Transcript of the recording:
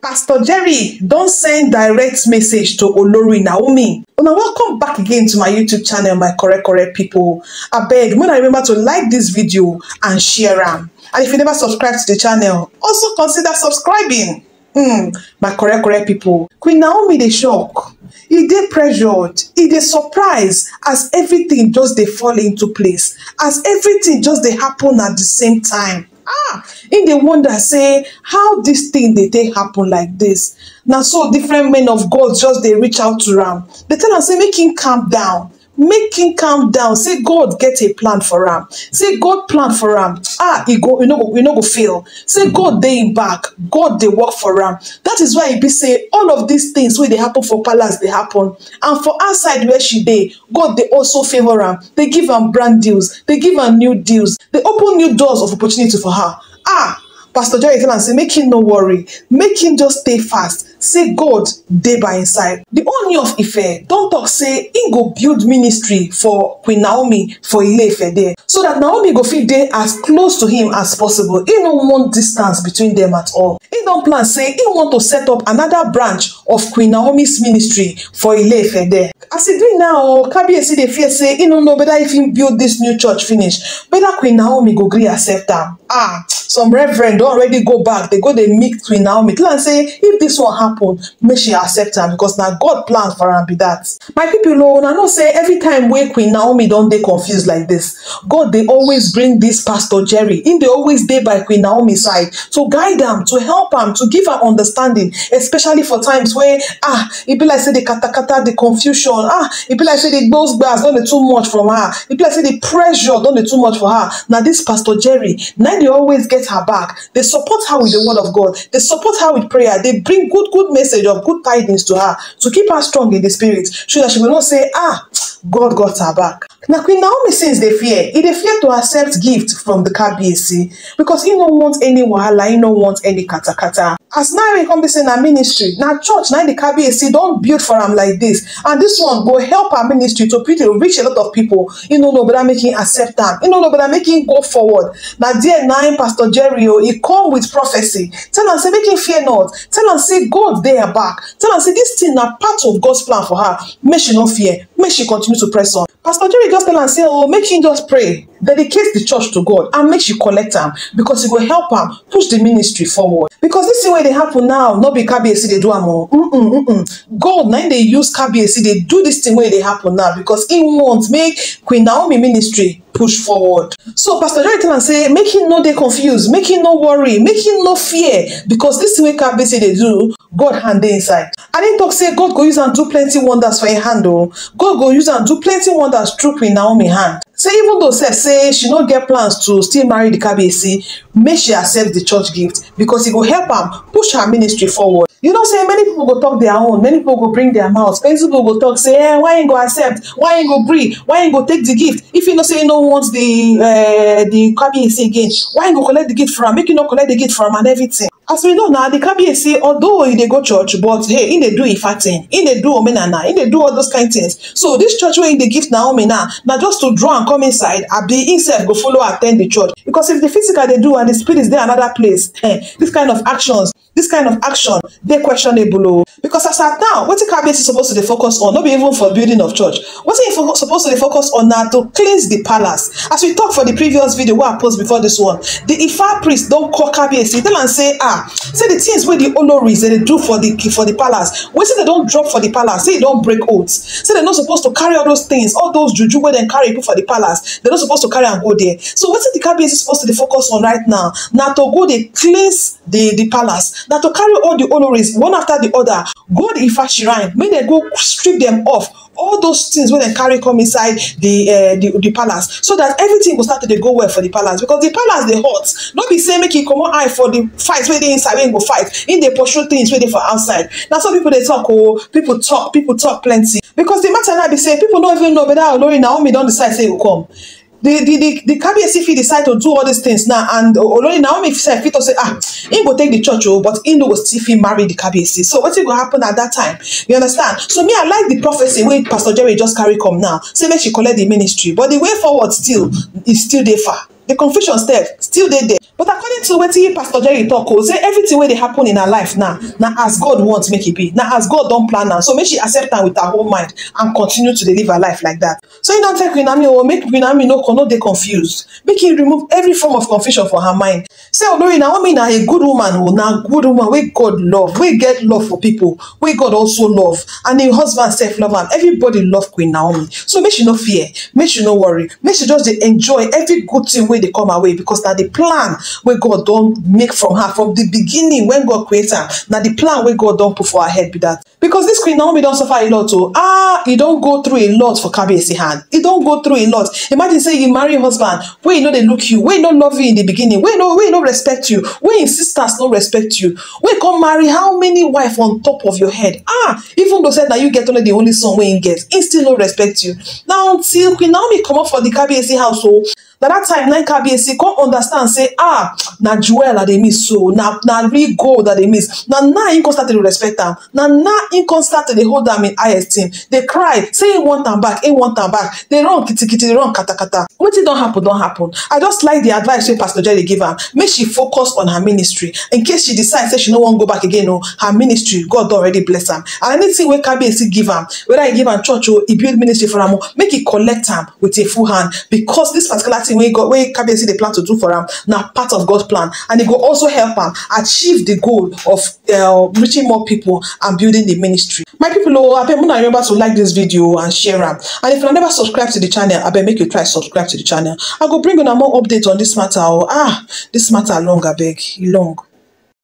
Pastor Jerry don't send direct message to Olori Naomi. Now welcome back again to my YouTube channel, my correct correct people. Abeg, when I remember to like this video and share am. And if you never subscribe to the channel, also consider subscribing. Mm, my correct correct people. Queen Naomi the shock. E dey pressured, e dey surprise as everything just they fall into place, as everything just they happen at the same time ah im dey wonder say how this thing dey take happen like this. na so different men of god just dey reach out to am dey tell am say make him calm down make him calm down say god get a plan for am say god plan for am ah e go e no go go fail say god dey him back god dey work for am that is why e be say all of these things wey dey happen for palace dey happen and for outside where she dey god dey also favour am dey give am brand deals dey give am new deals dey open new doors of opportunity for her ah pastor joy tell am say make him no worry make him just stay fast say god dey by im side di Ooni of Ife don talk. say im go build ministry for Queen Naomi for Ile-Ife there so that Naomi go fit dey as close to him as possible im no want distance between them at all im don plan say im want to set up another branch of Queen Naomi's ministry for Ile-Ife there as e do now o Kabiyesi dey fear say im no know whether if im build this new church finish whether Queen Naomi go gree accept am ah some reverend don already go back dey go dey meet Queen Naomi tell say if this one happen happen make she accept her because now god plan for her be that my know and i know say every time we queen naomi don't they confused like this? god they always bring this pastor jerry in. They always day by queen naomi side to guide them, to help them, to give them understanding especially for times where ah e be like say the katakata the confusion ah e be like say the don't dey too much from her e be like say the pressure don't dey too much for her Now this pastor jerry now they always get her back They support her with the word of god They support her with prayer They bring good good good message of good tidings to her to keep her strong in spirit so that she will know say ah god got her back. Now, queen naomi since they fear e dey fear to accept gift from the KBC because he no want any wahala he no want any katakata as now he come be say a ministry now church now the KBC don't build for him like this, and this one go help our ministry to pretty reach a lot of people. e no know whether make im accept them. e no know whether make im go forward Now there nine, pastor jerry oh, he come with prophecy. tell am say make im fear not tell am say god dey her back tell am say this thing na part of god's plan for her make she no fear make she continue to press on. Pastor Jerry just tell am say, oh, make she just pray, dedicate the church to God and make she connect am because it will help am push the ministry forward. Because this thing where they happen now not be Kabiyesi they do more. Mm -mm, mm -mm. God na they use Kabiyesi they do this thing where they happen now because he wants make Queen Naomi ministry push forward so pastor joy tell am say make him no they confused make him no worry make him no fear because this thing wey kabisi they do god hand dey inside i dey talk say god go use and do plenty wonders for im hand o oh. god go use and do plenty wonders through queen naomi hand say even though sef say she no get plans to still marry di kabiyesi make she accept di church gift because e go help am push her ministry forward you know say many people go talk their own many people go bring their mouth many people go talk, say eh why im e go accept why im e go gree why im e go take the gift if you know say you no want eh, the kabiyesi again why im go collect the gift from am make you no collect the gift from am and everything as we know now, the kabiyesi although e dey go church but hey e dey do ifa thing e dey do omenana e dey do all those kind things so this church wey e dey give naomi now na just to draw am come inside abi im go follow at ten d di church because if the physical dey do and the spirit dey another place eh, this kind of actions This kind of action dey questionable o oh. because as at now wetin kabiyesi suppose to dey focus on no be even for building of church wetin im e suppose to dey focus on na to cleanse the palace as we tok for the previous video wey i post before this one the ifa priest don call kabiyesi tell am say ah say the things wey the oloris dey do for the for the palace wetin dem don drop for the palace say e don break oaths say dem no suppose to carry all those things all those juju wey dem carry put for the palace dem no suppose to carry am go there so wetin the kabiyesi suppose to dey focus on right now na to go dey cleanse the the palace na to carry all the oloris one after the other go the ifa shrine make dem go strip dem off all those things wey dem carry come inside the uh, the the palace so that everything go start to dey go well for the palace because the palace dey hot no be say make e comot eye for the fight wey dey inside wey im go fight im dey pursue things wey dey for outside na so people dey talk o oh, people talk people talk plenty because the matter now be say people no even know whether olori naomi don decide say e go come the the the the kabiyesi fit decide to do all these things now and olori naomi sef fit talk say ah im go take the church o but im no go still fit marry the kabiyesi so wetin go happen at that time you understand so me i like the prophecy where pastor jerry just carry come now say make she collect the ministry but the way forward still is e still there far the confusion step still dey there but according to what he, pastor jerry tok oh, say everything wey they happen in her life now now as god wants, make it be Now as god don't plan now, so make she accept that with her whole mind and continue to live her life like that. so you don't take ami or oh, make queen ami no dey confused make e remove every form of confusion for her mind say olori na woman na a good woman oh, na good woman wey god love wey get love for pipo wey god also love and im husband sef love am everybody love queen naomi so make she no fear make she no worry make she just dey enjoy every good thing wey dey come her way because na the plan wey god don make from her from the beginning when god create am na the plan wey god don put for her head be that because this queen naomi don suffer a lot o oh. ah e don go through a lot for kabiyesi hand e don go through a lot imagine say you marry husband wey e no dey look you wey e no love you in the beginning wey e no wey wey no respect you wey im sisters no respect you wey come marry how many wife on top of your head ah even though say na you get only the only son wey im get im still no respect you na until queen naomi comot for the kabiyesi house o oh, na that time na kabiyesi come understand say ah na jewel i dey miss so na na real gold i dey miss na now im come start to dey respect am na now im come start to dey hold am in high esteem dey cry say im want am back im want am back dey run kitikiti dey run katakata wetin don happen don happen i just like the advice wey pastor jerry give am make she focus on her ministry in case she decide say she no wan go back again o oh, her ministry god don already bless am and anything wey kabiyesi give am whether he give am church o oh, he build ministry for am o oh, make he collect am with a full hand because this particular thing wey god wey kabiyesi dey plan to do for am na part of god plan and e go also help am achieve the goal of uh, reaching more people and building the ministry my people o oh, abeg una remember to like this video and share am and if una never subscribe to the channel abeg make you try subscribe to the channel i go bring una more update on this matter o oh. ah this matter long abeg e long